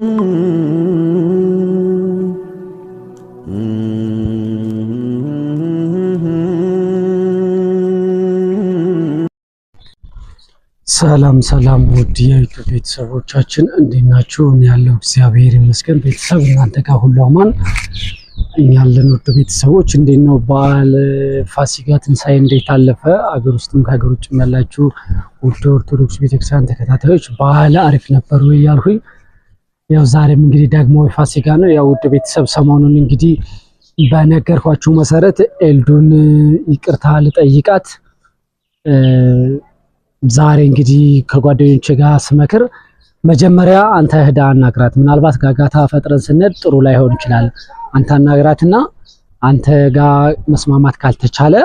ሰላም ሰላም ውድ የዩቱብ ቤተሰቦቻችን እንዴት ናችሁ? እኔ ያለው እግዚአብሔር ይመስገን። ቤተሰብ እናንተ ጋር ሁሉ አማን? እኛ ያለን ውድ ቤተሰቦች እንዴት ነው በዓል ፋሲካ፣ ትንሳኤ እንዴት አለፈ? አገር ውስጥም ከሀገር ውጭም ያላችሁ ውድ ኦርቶዶክስ ቤተክርስቲያን ተከታታዮች በዓል አሪፍ ነበር ወይ ያልሁኝ ያው ዛሬም እንግዲህ ዳግማዊ ፋሲካ ነው። ያው ውድ ቤተሰብ ሰሞኑን እንግዲህ በነገርኳችሁ መሰረት ኤልዱን ይቅርታ ልጠይቃት ዛሬ እንግዲህ ከጓደኞች ጋር ስመክር መጀመሪያ አንተ ህዳ አናግራት። ምናልባት ጋጋታ ፈጥረን ስንሄድ ጥሩ ላይሆን ይችላል። አንተ አናግራትና አንተ ጋር መስማማት ካልተቻለ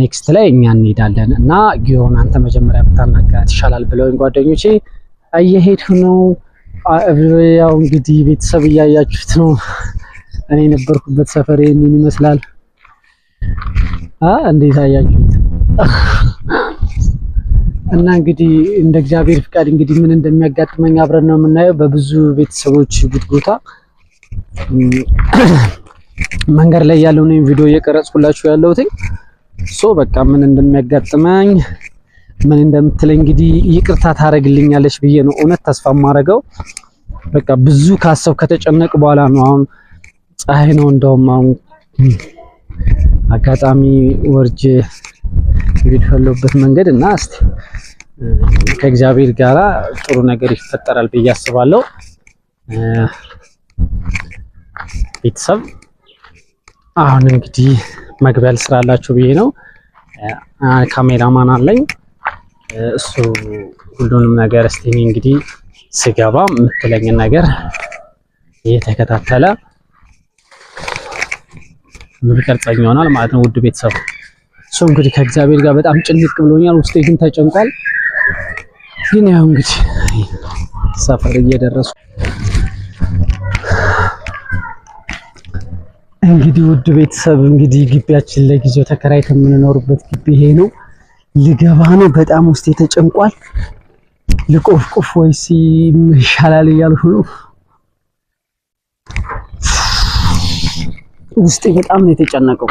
ኔክስት ላይ እኛ እንሄዳለን እና ጊዮን አንተ መጀመሪያ ብታናግራት ይሻላል ብለውኝ ጓደኞቼ እየሄድኩ ነው። ያው እንግዲህ ቤተሰብ እያያችሁት ነው። እኔ የነበርኩበት ሰፈር ምን ይመስላል? አ እንዴት አያችሁት? እና እንግዲህ እንደ እግዚአብሔር ፍቃድ እንግዲህ ምን እንደሚያጋጥመኝ አብረን ነው የምናየው። በብዙ ቤተሰቦች ጉትጎታ መንገድ ላይ ያለውን ቪዲዮ እየቀረጽኩላችሁ ያለሁትኝ ሶ በቃ ምን እንደሚያጋጥመኝ ምን እንደምትለኝ እንግዲህ ይቅርታ ታደርግልኛለች ብዬ ነው እውነት ተስፋ የማደርገው። በቃ ብዙ ካሰብ ከተጨነቅ በኋላ ነው። አሁን ፀሐይ ነው። እንደውም አሁን አጋጣሚ ወርጄ እንግዲህ ያለሁበት መንገድ እና እስቲ ከእግዚአብሔር ጋር ጥሩ ነገር ይፈጠራል ብዬ አስባለሁ። ቤተሰብ አሁን እንግዲህ መግቢያል ስራላችሁ ብዬ ነው። ካሜራማን አለኝ። እሱ ሁሉንም ነገር እስቲ እኔ እንግዲህ ስገባ የምትለኝን ነገር እየተከታተለ የሚቀርጸኝ ይሆናል ማለት ነው። ውድ ቤተሰብ እሱ እንግዲህ ከእግዚአብሔር ጋር በጣም ጭንቅ ብሎኛል፣ ውስጤ ግን ተጨንቋል። ግን ያው እንግዲህ ሰፈር እየደረሱ እንግዲህ ውድ ቤተሰብ እንግዲህ ግቢያችን ለጊዜው ተከራይተን የምንኖርበት ግቢ ይሄ ነው። ልገባ ነው። በጣም ውስጤ ተጨንቋል። ልቆፍቆፍ ወይስ ይሻላል እያልኩ ነው። ውስጤ በጣም ነው የተጨነቀው።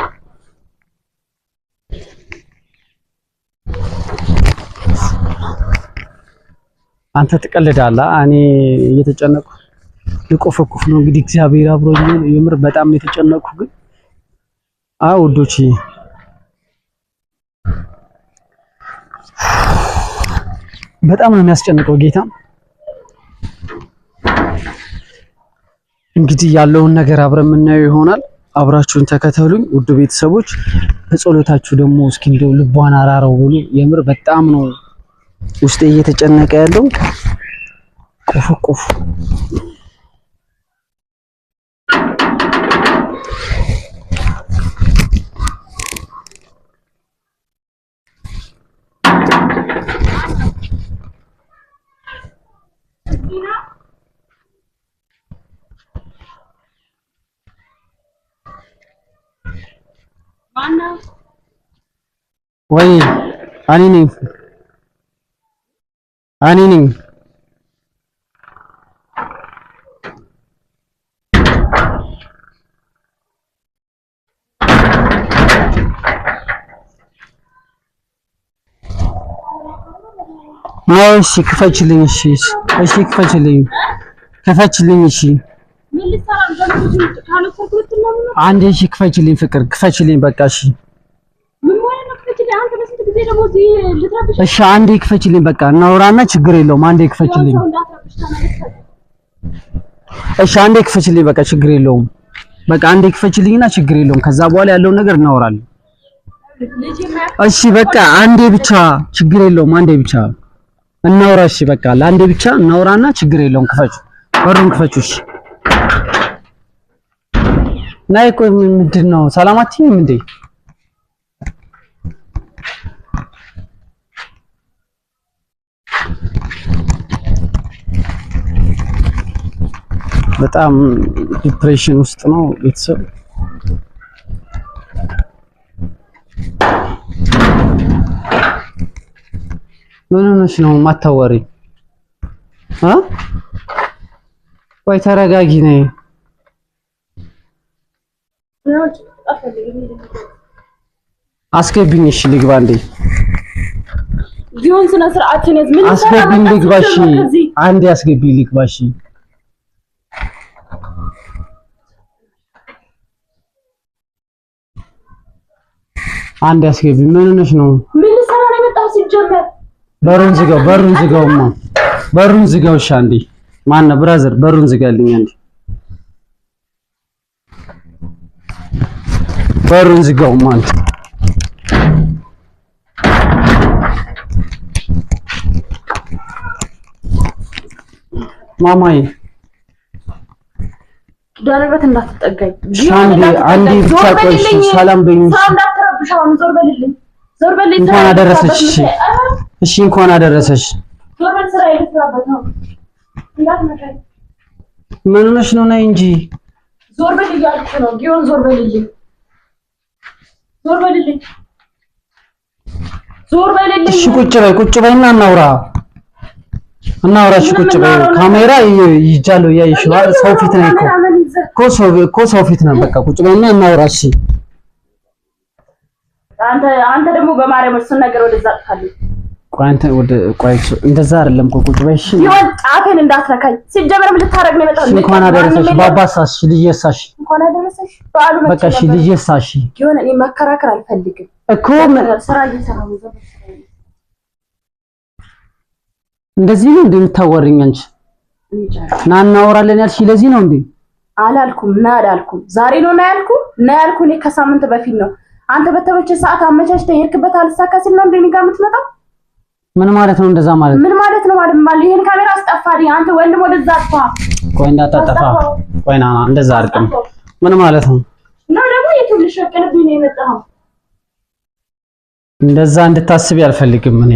አንተ ትቀልዳለህ። እኔ እየተጨነቁ ልቆፈቁፍ ነው እንግዲህ እግዚአብሔር አብሮኝ የምር በጣም ነው የተጨነቁ ግን አዎ ውዶች በጣም ነው የሚያስጨንቀው ጌታ። እንግዲህ ያለውን ነገር አብረን የምናየው ይሆናል። አብራችሁን ተከተሉኝ ውድ ቤተሰቦች። በጸሎታችሁ ደግሞ እስኪ እንደው ልቧን አራረው ብሎ የምር በጣም ነው ውስጤ እየተጨነቀ ያለው ቁፍ ቁፍ Argentina. anini Wai, ነው። እሺ ክፈችልኝ። እሺ እሺ ክፈችልኝ፣ ክፈችልኝ። እሺ አንዴ እሺ ክፈችልኝ፣ ፍቅር ክፈችልኝ። በቃ እሺ እሺ አንዴ ክፈችልኝ። በቃ እናውራና ችግር የለውም። አንዴ ክፈችልኝ። እሺ አንዴ ክፈችልኝ። በቃ ችግር የለውም። በቃ አንዴ ክፈችልኝና ችግር የለውም። ከዛ በኋላ ያለውን ነገር እናወራለን። እሺ በቃ አንዴ ብቻ ችግር የለውም። አንዴ ብቻ እናውራ። እሺ በቃ ለአንዴ ብቻ እናውራና ችግር የለውም። ክፈቹ፣ በሩን ክፈቹ። እሺ ናይ ቆይ፣ ምንድን ነው ሰላማችንም እንዴ? በጣም ዲፕሬሽን ውስጥ ነው ቤተሰብ ምን ሆነሽ ነው ማታወሪ? አ ወይ ተረጋጊ ነይ። አስገብኝ። እሺ ልግባ እንዴ? ቢሆን ስነ ስርዓትን ምን አስገብኝ። ልግባሽ አንዴ አስገብኝ። ልግባሽ አንዴ አስገብኝ። ምን ሆነሽ ነው? ምን ሰራ ነው የመጣው ሲጀመር በሩን ዝጋው፣ በሩን ዝጋው፣ በሩን ዝጋው። እሺ አንዴ ማነው ብራዘር፣ በሩን ዝጋልኝ አንዴ፣ በሩን ዝጋው ማለት ማማዬ ዳረበት እንዳትጠጋኝ። አንዴ አንዴ ብቻ ቆይ፣ ሰላም በይኝ። እንኳን እሺ እንኳን አደረሰሽ። ምን ሆነሽ ነው? ነይ እንጂ ዞር በል እያልኩ ነው። ጊዮን ዞር በልልኝ፣ ዞር በልልኝ፣ ዞር በልልኝ። እሺ ቁጭ በይ፣ ቁጭ በይና እናውራ፣ እናውራ። እሺ ቁጭ በይ። ካሜራ ይጃሉ ያይሽዋ። ሰው ፊት ነው እኮ ሰው እኮ ሰው ፊት ነው። በቃ ቁጭ በይና እናውራ። እሺ አንተ አንተ ደግሞ በማርያም እሱን ነገር ወደዛ አጥፋለሁ ቋንተ ወደ ቋይሶ እንደዛ አይደለም እኮ ቁጭ በይ። እሺ ይሁን፣ ጣቴን እንዳትነካኝ። ሲጀመርም ልታረግ ነው የመጣሁት። እንኳን አደረሰሽ ባባሳሽ፣ ልየሳሽ፣ እንኳን አደረሰሽ በዓሉ መቼ በቃ። እሺ ልየሳሽ ይሁን። እኔ መከራከር አልፈልግም እኮ ስራ እየሰራሁ ነው። እንደዚህ ነው እንዴ አንቺ? ና እናወራለን ያልሽ ለዚህ ነው እንዴ? አላልኩም፣ ና አላልኩም። ዛሬ ነው ና ያልኩ፣ ና ያልኩ እኔ ከሳምንት በፊት ነው። አንተ በተመቸ ሰዓት አመቻችተህ የሄድክበት አልሳካ ሲል ነው እንዴ እኔ ጋር የምትመጣው? ምን ማለት ነው? እንደዛ ማለት ምን ማለት ነው? ማለት ማለት ይሄን ካሜራ አስጠፋሪ አንተ ወንድም፣ ወደዛ አጥፋ። ቆይ እንዳታጠፋ። ቆይ ና፣ እንደዛ አድርግም። ምን ማለት ነው? ነው ደግሞ የትልሽ ወቀልብኝ ነው የመጣው። እንደዛ እንድታስብ አልፈልግም። እኔ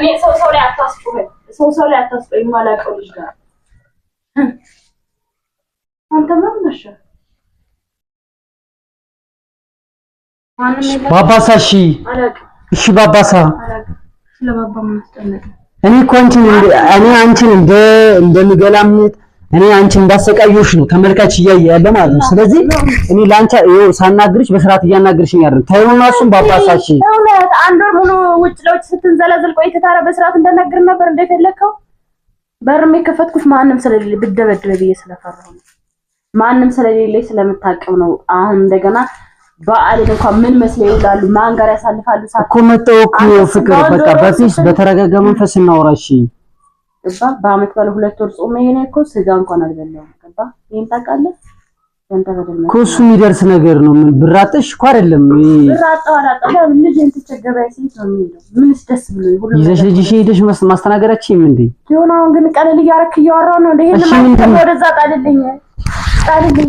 እኔ ሰው ሰው ላይ አታስቆይ፣ ሰው ሰው ላይ አታስቆይ። የማላውቀው ልጅ ጋር አንተ ምን ነሽ? ባባሳ እሺ፣ እሺ ባባሳ እኔ እኮ አንቺን እኔ አንቺን እንደ እንደምገላምጥ እኔ አንቺን እንዳሰቃየሁሽ ነው ተመልካች እያየ ያለ ማለት ነው። ስለዚህ እኔ ላንቺ ይኸው ሳናግርሽ በስርዓት እያናግርሽኝ አይደል? ታዩና እሱን ባባሳሽ አንድ ወር ሙሉ ውጭ ለውጭ ስትንዘለዘል ቆይተህ ታዲያ በስርዓት እንዳናግር ነበር እንዴት እንደፈለከው። በርም የከፈትኩሽ ማንም ስለሌለ ብደበድበ ብዬ ስለፈራሁ ማንም ስለሌለኝ ስለምታቀም ነው አሁን እንደገና በዓልን እንኳን ምን መስለው ይውላሉ፣ ማን ጋር ያሳልፋሉ? እኮ መጣሁ እኮ ፍቅር፣ በቃ በፊስ በተረጋጋ መንፈስ እናውራ። እሺ ገባ። በዓመት ባለ ሁለት ወር ጾም ይሄ ነው እኮ ስጋ እንኳን አልበላሁም። ገባ። ይሄን ታውቃለህ። ከእሱ የሚደርስ ነገር ነው። ምን ብራጠሽ እኮ አይደለም። ይዘሽ ልጅሽ ሄደሽ ማስተናገዳችን እንዴ የሆነ አሁን ግን ቀለል እያደረክ እያወራሁ ነው። ወደዛ ጣልልኝ ጣልልኝ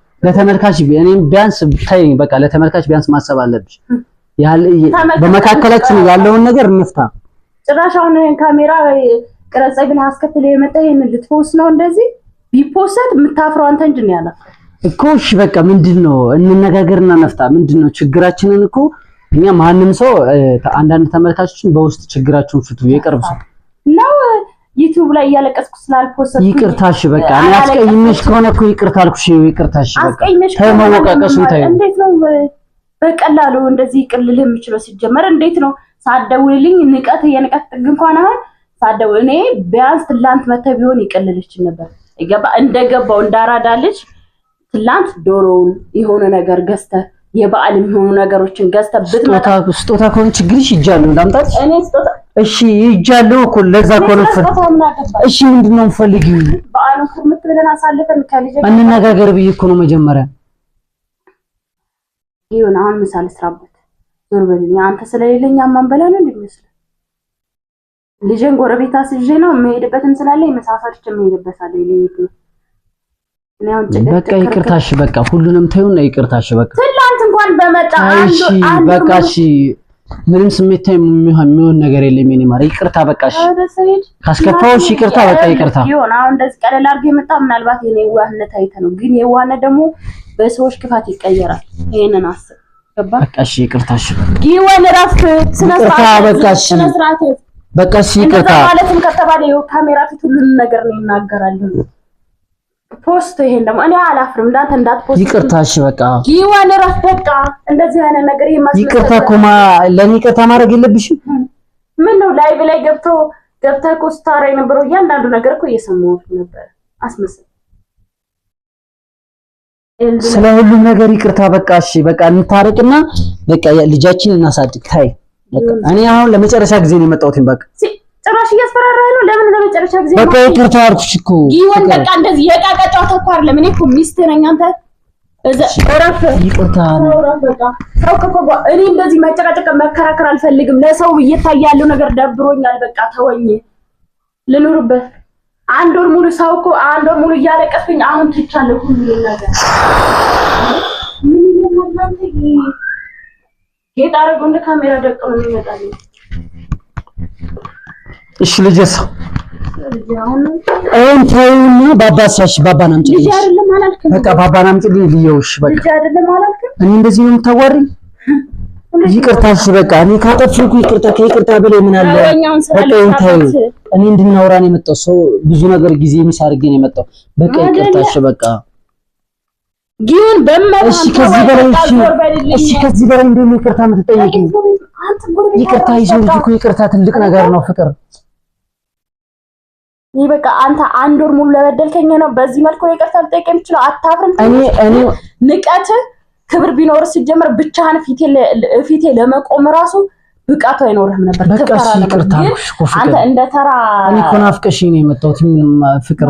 ለተመልካች እኔም ቢያንስ ታይ በቃ ለተመልካች ቢያንስ ማሰብ አለብሽ። በመካከላችን ያለውን ነገር እንፍታ። ጭራሽ አሁን ይሄን ካሜራ ቅረጻ ብን አስከትሎ የመጣ ይሄን ልትፖስት ነው እንደዚህ ቢፖስት የምታፍረው አንተ እንጂ ነው ያለው እኮ። እሺ በቃ ምንድን ነው እንነጋገርና ነፍታ ምንድን ነው ችግራችንን እኮ እኛ ማንም ሰው አንዳንድ ተመልካቾችን በውስጥ ችግራችሁን ፍቱ የቅርብ ሰው ነው ዩቲዩብ ላይ እያለቀስኩ ስላልፖስት ይቅርታሽ፣ በቃ እኔ አስቀይሜሽ ከሆነ እኮ ይቅርታ አልኩሽ። ይቅርታሽ፣ በቃ ተመወቃቀሱን ታዩ። እንዴት ነው በቀላሉ እንደዚህ ቅልልህ የምችለው? ሲጀመር እንዴት ነው ሳደውልልኝ ንቀት የንቀት ጥግ እንኳን አሁን ሳደው እኔ ቢያንስ ትላንት መተ ቢሆን ይቀልልችን ነበር። ይገባ እንደገባው እንዳራዳልች ትላንት ዶሮውን የሆነ ነገር ገዝተ የበዓል የሚሆኑ ነገሮችን ገዝተ ብትመጣ ስጦታ ከሆነ ችግርሽ ይጃሉ እንዳምጣት እኔ ስጦታ እሺ ይጃለው እኮ ለዛ እኮ ነው። እሺ ምንድነው ፈልጊ? በዓሉን ክርምት ብለን አሳልፈን ከልጅ እንነጋገር ብዬ እኮ ነው መጀመሪያ። ይሁን አሁን ምሳ ልስራበት። ዞር በልኝ አንተ ስለሌለኝ አማን በላለ እንደሚመስል ልጄን ጎረቤት አስይዤ ነው የምሄድበትም ስላለኝ ምሳ ሰርቼ የምሄድበት አለ ይለይት በቃ ይቅርታሽ፣ በቃ ሁሉንም ተይውና ይቅርታሽ። በቃ ትላንት እንኳን በመጣ አንዱ አንዱ በቃ እሺ ምንም ስሜታ የሚሆን ነገር የለም። የኔ ማር ይቅርታ፣ በቃሽ። ካስከፋውሽ ይቅርታ፣ በቃ ይቅርታ። ይሁን አሁን እንደዚህ ቀለል አድርገህ የመጣ ምናልባት የኔ የዋህነት አይተ ነው፣ ግን የዋህነት ደግሞ በሰዎች ክፋት ይቀየራል። ይሄንን አስብ። ገባ? በቃሽ፣ ይቅርታሽ። ይሁን ራስ ስነ ስርዓት፣ በቃሽ፣ ስነ ስርዓት፣ በቃሽ፣ ይቅርታ ማለትም ከተባለ ካሜራ ፊት ሁሉንም ነገር ነው ይናገራል። ፖስት ይሄን ደግሞ እኔ አላፍርም። እንዳንተ እንዳትፖስት ይቅርታ። እሺ በቃ ይዋን እረፍ። በቃ እንደዚህ አይነት ነገር ይማስ ይቅርታ። ኮማ ለኔ ይቅርታ ማድረግ የለብሽም። ምን ነው ላይቭ ላይ ገብቶ ገብታ እኮ ስታወራ የነበረው እያንዳንዱ ነገር እኮ እየሰማሁት ነበር። አስመስል ስለ ሁሉም ነገር ይቅርታ። በቃ እሺ በቃ እንታረቅና በቃ ልጃችን እናሳድግ። ታይ በቃ እኔ አሁን ለመጨረሻ ጊዜ ነው የመጣሁት በቃ ጭራሽ እያስፈራራህ ነው። ለምን ለመጨረሻ ጊዜ ነው? በቃ ይቅርታ አልኩሽ እኮ ይሁን በቃ እንደዚህ የዕቃ ዕቃ ጨዋታ እኮ አይደለም። እኔ እኮ ሚስትህ ነኝ። አንተ እዛ እረፍ። ይቅርታ ሰው ከኮባ እኔ እንደዚህ መጨቃጨቅ መከራከር አልፈልግም። ለሰው እየታየ ያለው ነገር ደብሮኛል። በቃ ተወኝ፣ ልኑርበት። አንድ ወር ሙሉ ሰው እኮ አንድ ወር ሙሉ እያለቀስኩኝ አሁን ትቻለሁ ሁሉ ነገር ምን ይሆናል? ጌጥ አደረገው እንደ ካሜራ ደቅኖ ነው የሚመጣልኝ እሺ ልጅስ እንትኑና ባባሳሽ ባባን አምጪልኝ። በቃ ባባን አምጪልኝ ልየውሽ። በቃ አይደለም እኔ እንደዚህ ነው የምታዋሪኝ? ይቅርታሽ በቃ እኔ ካጠፍኩ ይቅርታ፣ ከይቅርታ በላይ ምን አለ? በቃ እንታዩ እኔ እንድናወራ ነው የመጣው። ሰው ብዙ ነገር ጊዜ ሚስ አድርጌ ነው የመጣው። በቃ ይቅርታሽ በቃ ግን በመራን እሺ፣ ከዚህ በላይ እሺ፣ ከዚህ በላይ እንደምን ይቅርታ የምትጠይቂኝ? ይቅርታ ይዞ ልጅ እኮ ይቅርታ ትልቅ ነገር ነው ፍቅር ይህ በቃ አንተ አንድ ወር ሙሉ ለበደልከኝ ነው። በዚህ መልኩ ነው ይቅርታ ልጠይቅ የምችለው። አታፍርም? ንቀት ክብር ቢኖር ሲጀምር ብቻህን ፊቴ ለመቆም ራሱ ብቃቱ አይኖርህም ነበር። ይቅርታ አንተ እንደ ተራ እኔ እኮ ናፍቀሽኝ ነው የመጣሁት። ፍቅር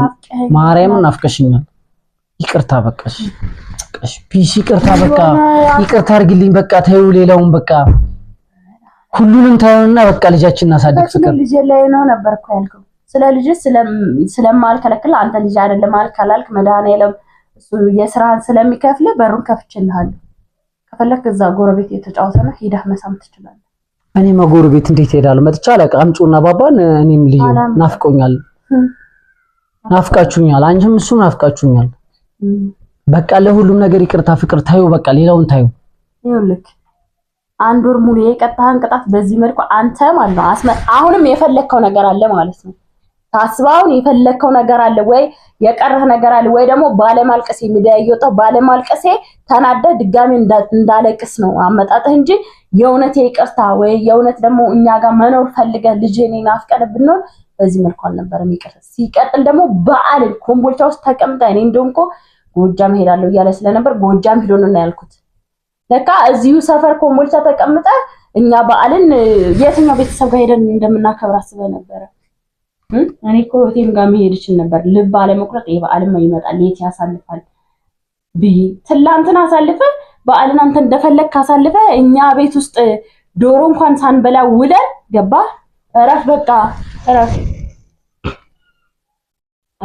ማርያም ናፍቀሽኛል። ይቅርታ በቃሽ፣ ፒስ ይቅርታ፣ በቃ ይቅርታ አድርጊልኝ። በቃ ተይው፣ ሌላውን በቃ ሁሉንም ታየውና በቃ ልጃችን እናሳድግ። ፍቅር ልጅ ላይ ነው ነበር እኮ ያልከው ስለ ልጅ ስለማልከለክል አንተ ልጅ አይደለም አልካላልክ መድኃኒዓለም እሱ የስራህን ስለሚከፍል በሩን ከፍችልሃል። ከፈለክ እዛ ጎረቤት የተጫወተ ነው ሂደህ መሳም ትችላለህ። እኔ መጎረቤት እንዴት ሄዳለሁ? መጥቻ አለቀ አምጪውና ባባን እኔም ልዩ ናፍቆኛል፣ ናፍቃችሁኛል፣ አንቺም እሱ ናፍቃችሁኛል። በቃ ለሁሉም ነገር ይቅርታ ፍቅር ታዩ፣ በቃ ሌላውን ታዩ። ይኸውልህ አንድ ወር ሙሉ የቀጣህን ቅጣት በዚህ መልኩ አንተ ማለት ነው አሁንም የፈለግከው ነገር አለ ማለት ነው ታስባውን የፈለከው ነገር አለ ወይ የቀረህ ነገር አለ ወይ ደግሞ ባለማልቀሴ ሚዲያ ባለማልቀሴ ተናደ ድጋሚ እንዳለቅስ ነው አመጣጥህ እንጂ የእውነት ይቅርታ ወይ የእውነት ደግሞ እኛ ጋር መኖር ፈልገን ልጅን ናፍቀን ብንሆን በዚህ መልኩ አልነበረም ይቅርታ ሲቀጥል ደግሞ በዓልን ኮምቦልቻ ውስጥ ተቀምጠ እኔ እንደውም እኮ ጎጃም ሄዳለሁ እያለ ስለነበር ጎጃም ሄዶ ነው ያልኩት ለካ እዚሁ ሰፈር ኮምቦልቻ ተቀምጠ እኛ በዓልን የትኛው ቤተሰብ ጋር ሄደን እንደምናከብር አስበህ ነበረ እኔ እኮ ሆቴል ጋር መሄድ እችል ነበር። ልብ አለመቁረጥ የበዓልማ ይመጣል የት ያሳልፋል ብዬ ትላንትን አሳልፈ በዓልን አንተ እንደፈለግ ካሳልፈ እኛ ቤት ውስጥ ዶሮ እንኳን ሳንበላ ውለን ገባ። እረፍ በቃ እረፍ።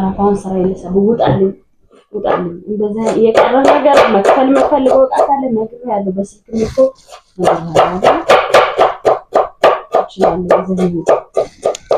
አሁን ስራ የለሰብ ውጣልኝ፣ ውጣልኝ። እንደዛ የቀረ ነገር መክፈል መፈልገው ወጣታለ ካለ ያለ ያለው በስልክ እኮ ነገር ያለው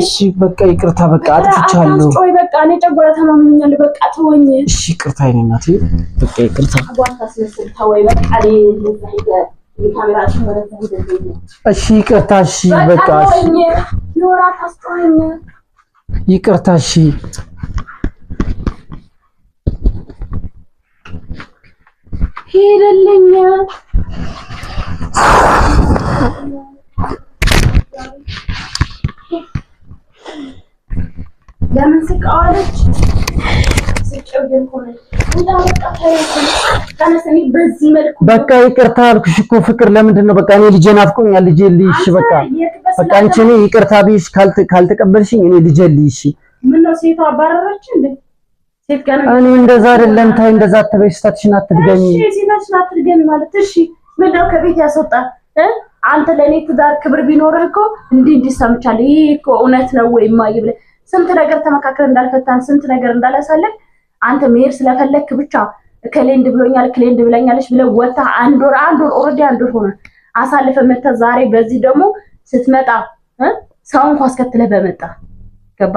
እሺ በቃ ይቅርታ፣ በቃ አጥፍቻለሁ። በቃ እኔ ጨጓራ ተማምኛል። በቃ ተወኝ። እሺ ይቅርታ፣ የእኔ እናቴ በቃ ይቅርታ። እሺ ይቅርታ፣ እሺ በቃ ይቅርታ፣ እሺ ሄደልኛ ለምን በቃ ይቅርታ አልኩሽ እኮ ፍቅር፣ ለምንድን ነው በቃ እኔ ልጄ ናፍቆኛል። ልጄ ልይሽ በቃ በቃ አንቺ እኔ ይቅርታ ብዬሽ ካልተቀበልሽኝ እኔ ልጄ ልይሽ። ሴቷ እንዴ? እኔ እንደዛ አይደለም። ታይ እንደዛ አትበይ። ስታትሽን እሺ፣ ማለት እሺ። ምነው ከቤት ያስወጣል? አንተ ለእኔ ትዳር ክብር ቢኖርህ እኮ እንዲህ እንዲህ ሰምቻለሁ፣ ይህ እኮ እውነት ነው ወይ እማዬ ብለህ ስንት ነገር ተመካክረን እንዳልፈታን ስንት ነገር እንዳላሳለን አንተ መሄድ ስለፈለክ ብቻ እከሌ ብሎኛል እከሌ እንዲህ ብለኛለች ብለህ ወጥተህ አንድ ወር አንድ ወር ኦልሬዲ አንድ ወር ሆነ አሳልፈ መተ ዛሬ በዚህ ደግሞ ስትመጣ ሰው እንኳ አስከትለህ በመጣ ገባ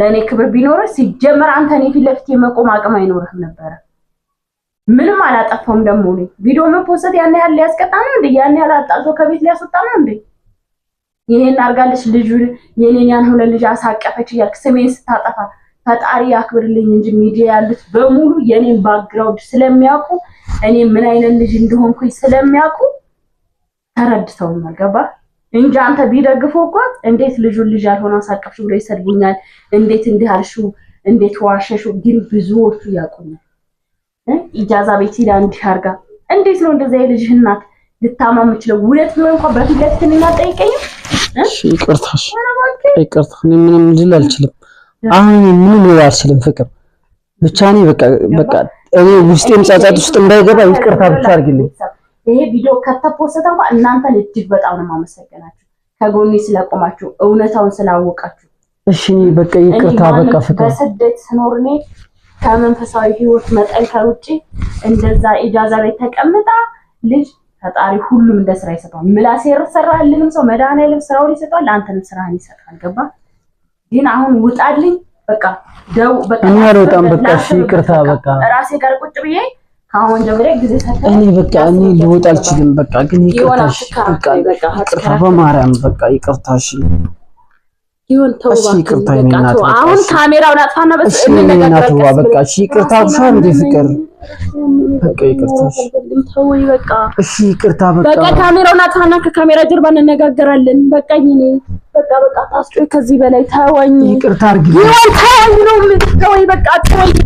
ለእኔ ክብር ቢኖርህ ሲጀመር አንተ እኔ ፊት ለፊት የመቆም አቅም አይኖርህም ነበረ። ምንም አላጠፋም። ደግሞ እኔ ቪዲዮ መፖሰት ያን ያህል ሊያስቀጣ ነው እንዴ? ያን ያህል አጣልቶ ከቤት ሊያስወጣ ነው እንዴ? ይሄን አርጋለች ልጁ የኔን ያን ሁለት ልጅ አሳቀፈች እያልክ ስሜን ስታጠፋ ፈጣሪ ያክብርልኝ እንጂ ሚዲያ ያሉት በሙሉ የኔን ባክግራውንድ ስለሚያውቁ እኔ ምን አይነት ልጅ እንደሆንኩኝ ስለሚያውቁ ተረድተውኛል። ገባ እንጂ አንተ ቢደግፈው እኮ እንዴት ልጁን ልጅ ያልሆነ አሳቀፍሽ ብሎ ይሰድቡኛል። እንዴት እንዲህ አልሽው፣ እንዴት ዋሸሽው። ግን ብዙዎቹ ያውቁኛል። ኢጃዛ ቤት ሄዳ እንዲህ አድርጋ እንዴት ነው እንደዛ የልጅህ እናት ልታማ የምችለው? ውለት ቢሆን እንኳን በፊት ለፊት እና ጠይቀኝም። እሺ ይቅርታ፣ ይቅርታ። እኔ ምንም ልል አልችልም። አሁን ምንም ልል አልችልም። ፍቅር ብቻ እኔ በቃ በቃ እኔ ውስጤም ጻጻት ውስጥ እንዳይገባ ይቅርታ ብቻ አርግልኝ። ይሄ ቪዲዮ ከተፖስተ እንኳን እናንተን እጅግ በጣም ነው የማመሰግናችሁ፣ ከጎኔ ስለቆማችሁ፣ እውነታውን ስላወቃችሁ። እሺ በቃ ይቅርታ፣ በቃ ፍቅር በስደት ስኖር እኔ ከመንፈሳዊ ህይወት መጠንከር ውጭ እንደዛ ኢጃዛ ላይ ተቀምጣ ልጅ ፈጣሪ ሁሉም እንደ ስራ ይሰጠዋል። ምላሴ ሰራልንም ሰው መድኃኒዓለም ስራውን ይሰጠዋል፣ ለአንተንም ስራህን ይሰጣል። ገባ ግን አሁን ውጣልኝ በቃ ደው በቃ በጣም በቃ ይቅርታ በቃ ራሴ ጋር ቁጭ ብዬ ከአሁን ጀምሬ ጊዜ ሰጠ እኔ በቃ እኔ ልወጣ አልችልም። በቃ ግን ይቅርታሽ በቃ ይቅርታ በማርያም በቃ ይቅርታሽ ይሁን ተው፣ አሁን ካሜራውን አጥፋና በቃ እሺ፣ ይቅርታ በቃ ካሜራውን አጥፋና ከካሜራ ጀርባ እንነጋገራለን። እኔ በቃ በቃ ከዚህ በላይ ተወኝ፣ ይቅርታ አድርጊ። ይሁን ተወኝ ነው በቃ ተወኝ።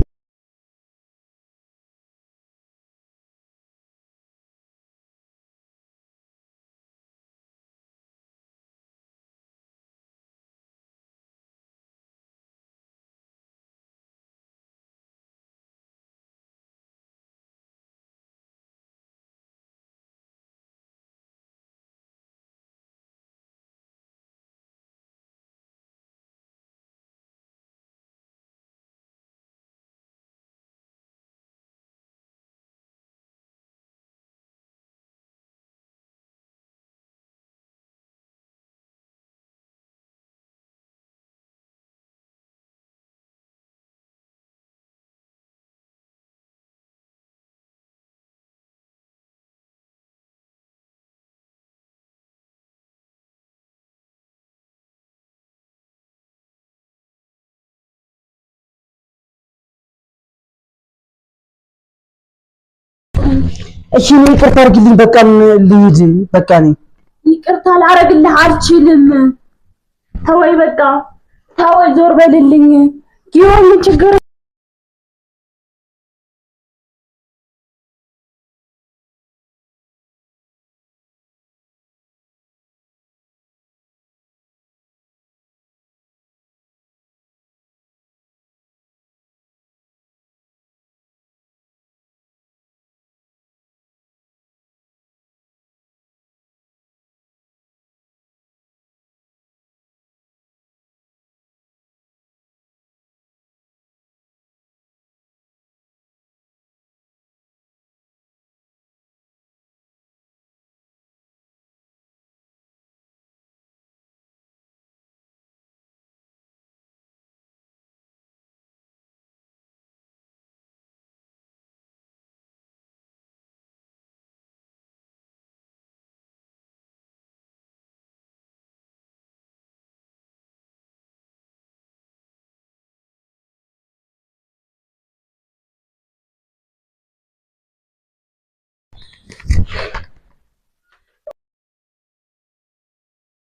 እሺ ነው ይቅርታ አድርግልኝ። በቃ ልሂድ። በቃ ነው ይቅርታ ላረግልህ አልችልም። ተወይ፣ በቃ ተወይ፣ ዞር በልልኝ። ጊዮን ምን ችግር